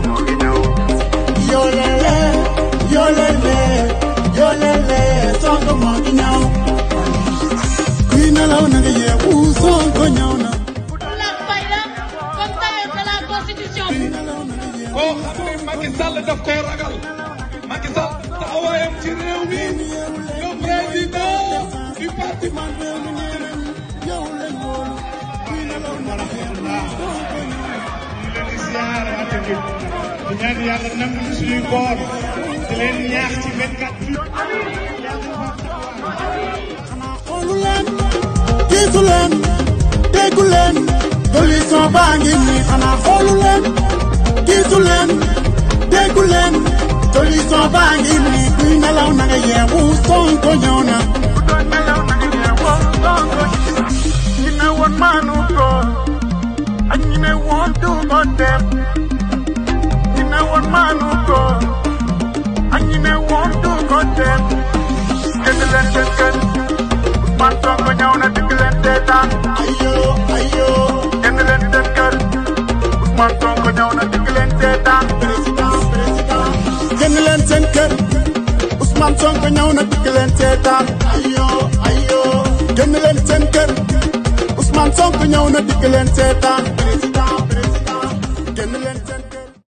koo xam ne Macky Sall daf koo ragal Macky Sall taxawaayam ci réew mi le président du parti man yow lañ wóolu tëgg di ñaan yàlla nangu ci suñuy koor di leen ñaax ci 24 bi xoolu leen gisu leen déggu leen solution baa ngi nii xanaa xoolu leen ko na one man who go. And you know want to go them. Get the left and get. Man talk when you wanna and get. Ayo, ayo. Get the left and get. Man talk when you wanna take the and get. President, president. Get the left and get. Usman talk when you wanna take the and Ayo, ayo. Get the left and get. Usman talk when you wanna take the and